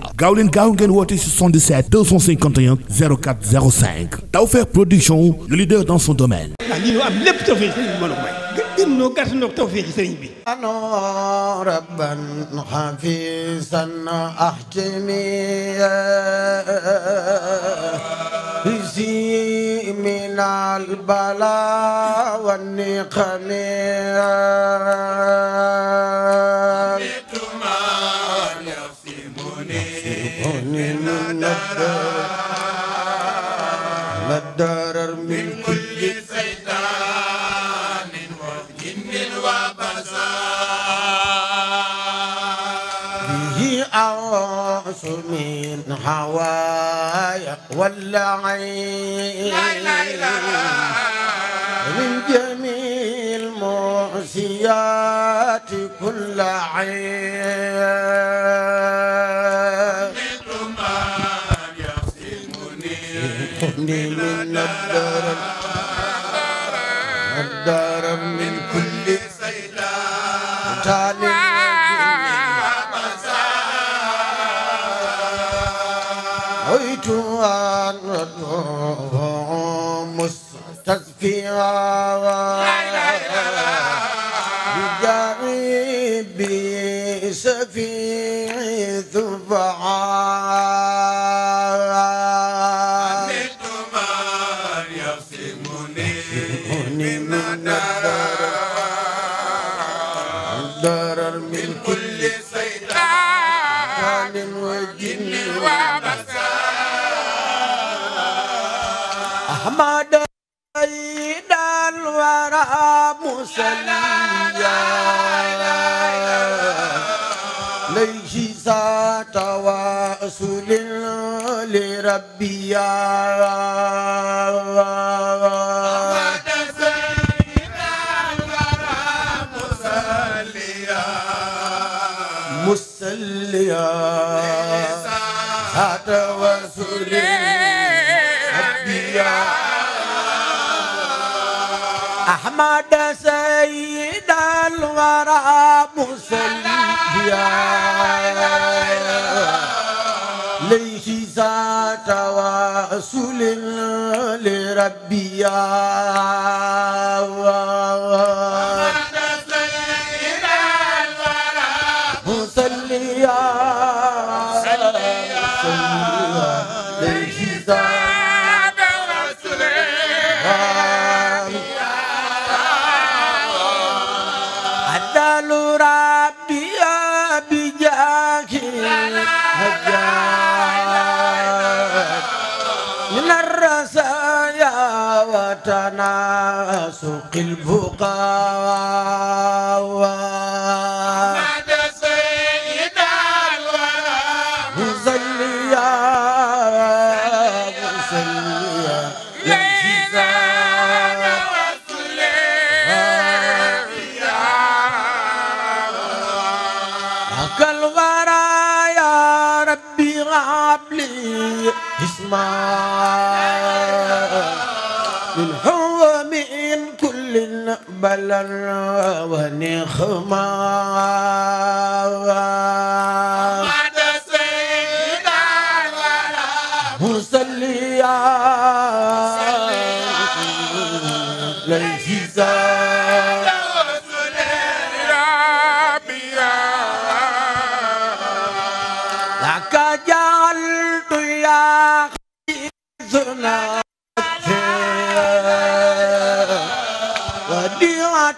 waaw gaaw leen gaaw ngeen woote 77 251 04 05 Tawfekh Production le leader dans son domaine. ah lii ñu am lépp tawfeex sëriñ bi mën a may. gën noo gàtt noo tawfeex sëriñ bi. anoo rabban xafisan ahtimi eh, si minal bala wa niqami eh. الغوث من هوايا واللعين من جميع المعصيات كل عين tu مسليا خات وسولي أبيا أحمد سيد الورى مسليا ليه ذات وسول لربيا تناسق البقاء كالورى يا ربي هب لي اسماء من هو من كل بلى ونخمة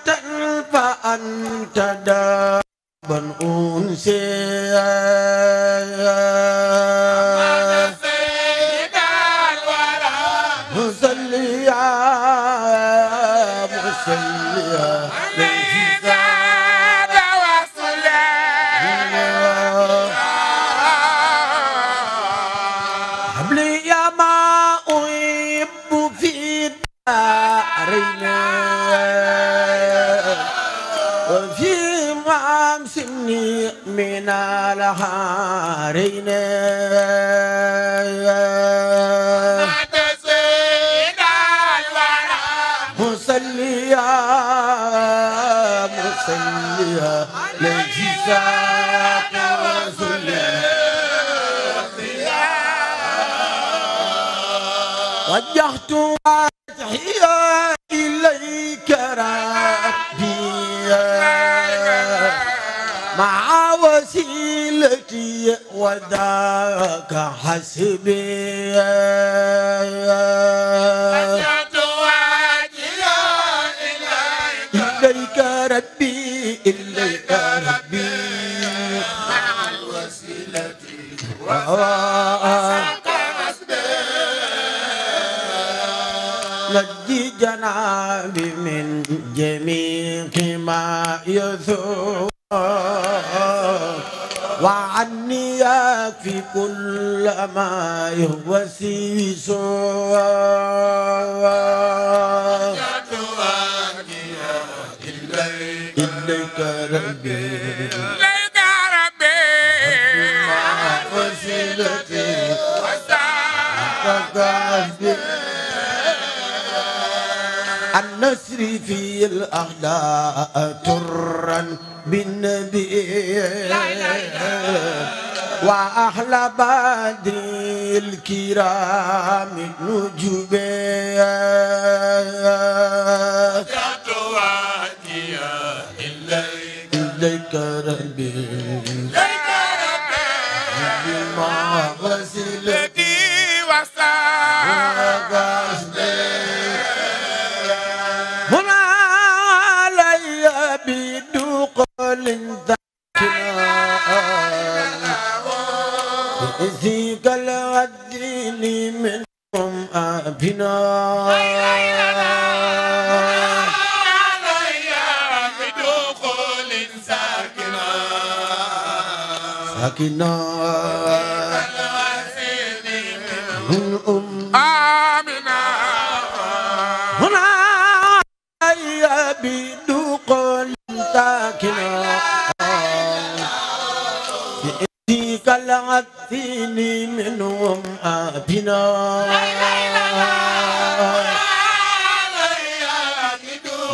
نعمة فأنت دابا أنسيها من الحارين مات زين الورى مسليا مسليا لجزاء وذاك حسبي إخوتي سوى إليك ربي إليك ربي وسيلتي وسعادتي النسر في الأعداء ترا بالنبي وأحلى بدري الكرام نجوبا تدعو إليك ربي كلعتني منهم آبنا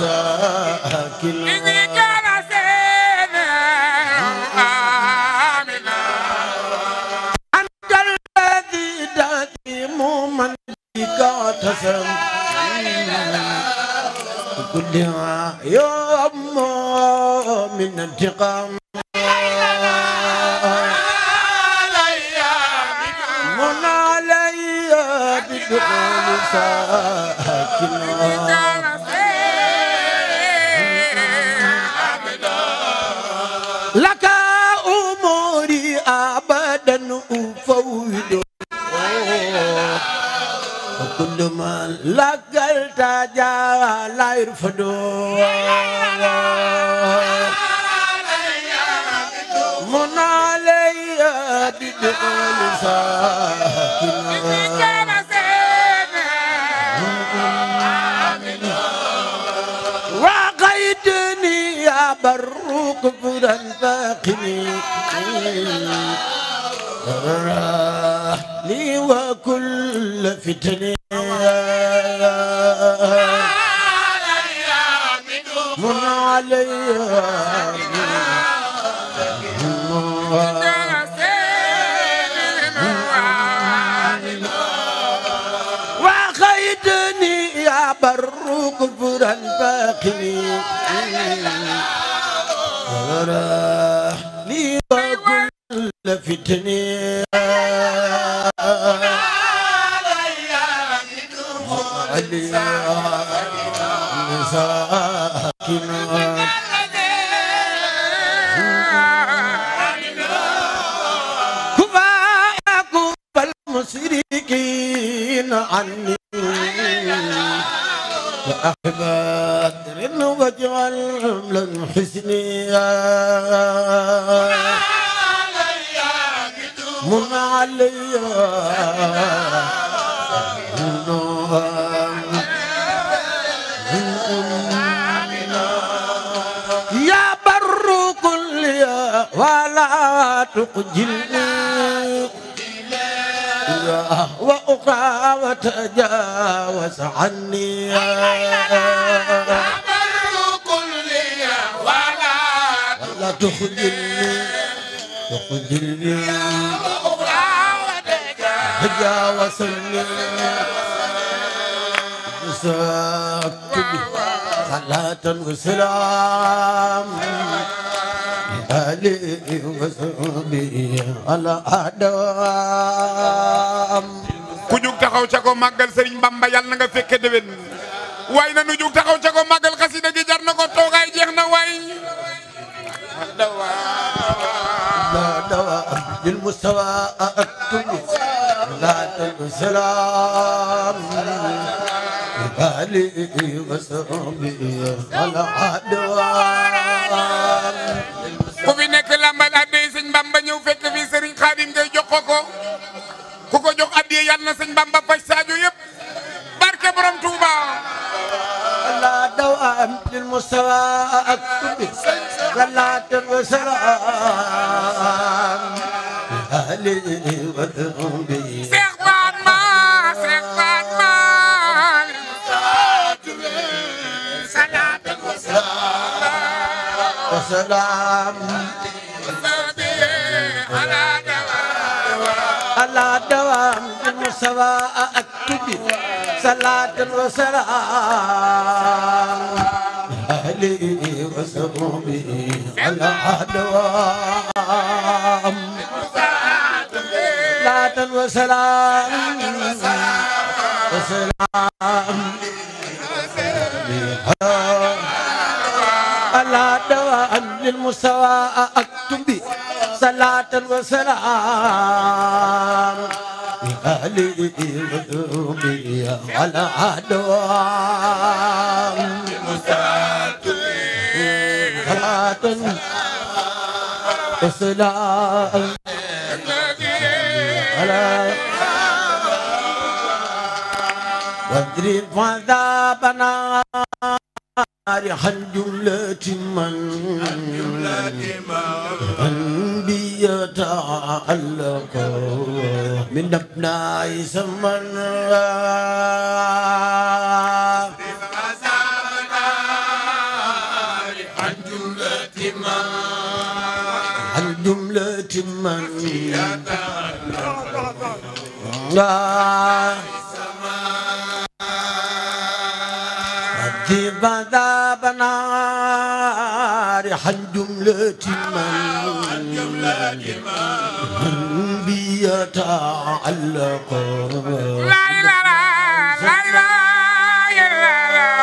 ساكنا كلها يوم من انتقام من علي بدخول ساعة أفوض وكل ما لقلت جاء لا يرفض من علي بدخول ساكنة وقيدني يا بروك بدن فاقني لي وكل فتنة من عليها وخيدني يا بر كفرا باقي لي وكل فتنه المشركين عني وأحبادر واجعل عملا حسنيا من علي يا بر كل ولا تقجلني وأخرى وتجاوز عني أمر كل ولا ولا تخجلني تخجلني وأخرى وتجاوزني صلاة وسلام عليه وصحبه على أدوام ku jug taxaw ca ko màggal Serigne Bamba yàlla na nga fekke déwén na nu jug taxaw ca ko màggal xasida gi jar na ko toogaay jeex na waay لا دواء للمستوى أكتب لا تنسلام بالي وسامي على عدوان ko ku ko jox addiya yal na sëñ Bamba faj saajo yëpp barke borom Touba la daw am lil mustawa ak tubi salatan wa salam alayhi سواء أكتب صلاة وسلام أهلي وسمومي على دوام صلاة وسلام وسلام على دوام للمستوى أكتب صلاة وسلام أهلي وأمي على عدوان مستعد وسلام على واضرب عذابنا عن جملة من أنبياء تعلقوا من أبناء زمن عن جملة من عذب عذاب نار عن جملة من يتعلق لا إله لا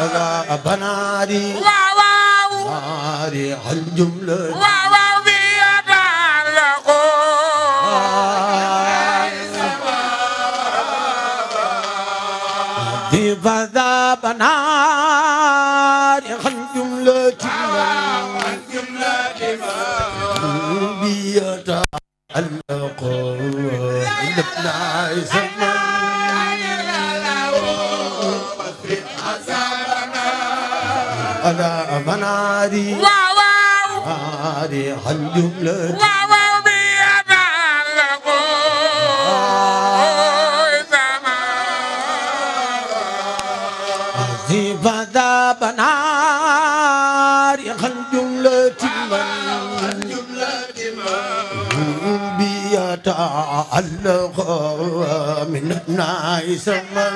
إله بنادي واو نادي الجملة واو بيتعلق في فذا بنادي يتعلق ابن عيسى على من عادي واو واو عادي عن جملة واو واو بيتعلق زمان عذاب نار عن جملة من تعلق من نايس من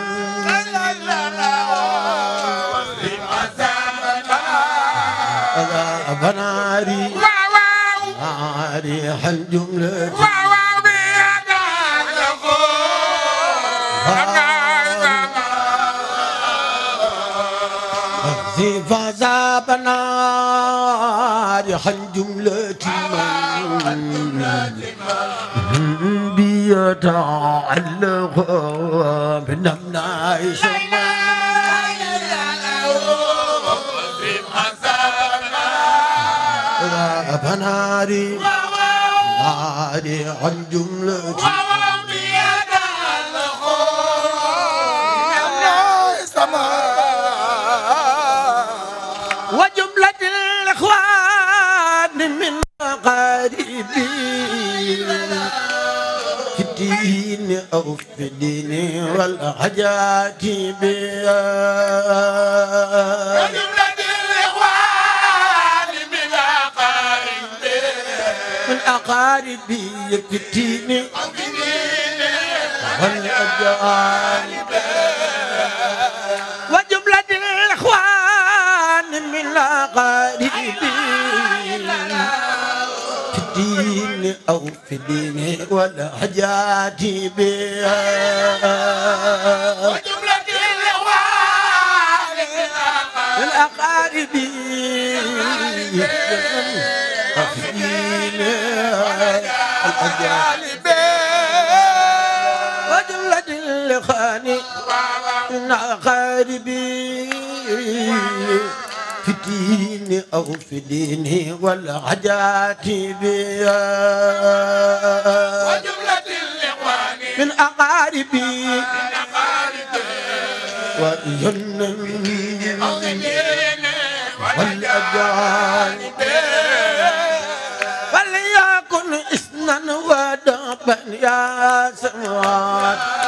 بناري ناري حل جملة في فازا بناري حل جملة من يتعلق بنمنا شمال فنادي نادي عن جملتي أو في ديني والحجات بها ولولد الإخوان من أقاربي من أقاربي يكتيني أو في ديني والأجانب وجملة الإخوان من أقاربي الدين أو في دينه ولا حجاتي بها وجملة الوالي الأقارب أفيني الأجانب وجملة الخاني الأقارب في ديني أو في ديني والعجات بيا وجملة الإخوان من أقاربي وينن والأجال وليكن إسنا ودابا يا سموات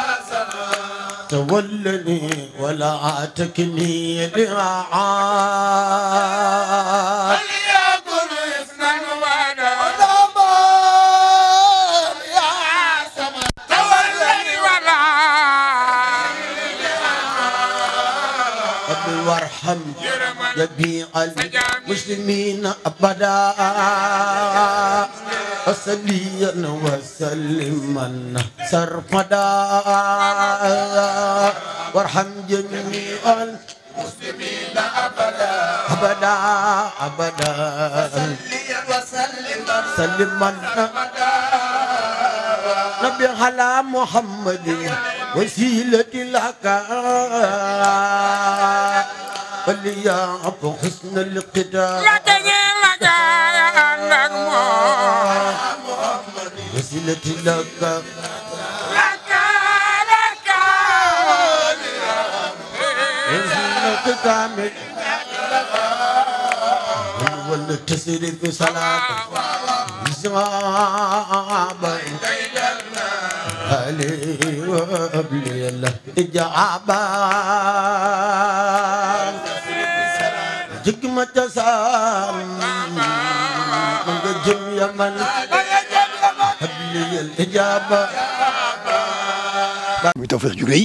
تولني ولا اعتكني لعاد فليكن اثنا وانا غلامان يا عاصم تولني ولا ربي وارحم جميع المسلمين ابدا وسليا وسلما سرمدا وارحم جميع المسلمين أبدا أبدا أبدا وسلم وسلم نبي على محمد وسيلة لك وليا أبو حسن القدام لا تجي لك وسيلة لك التامي والتسير في صلاة زوابا علي وابلي الاجابة جكمة سام من جم يمن abli al ijaba muy tawfeex ju rëy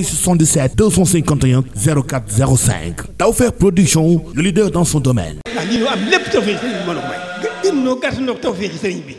woote si 77 251 04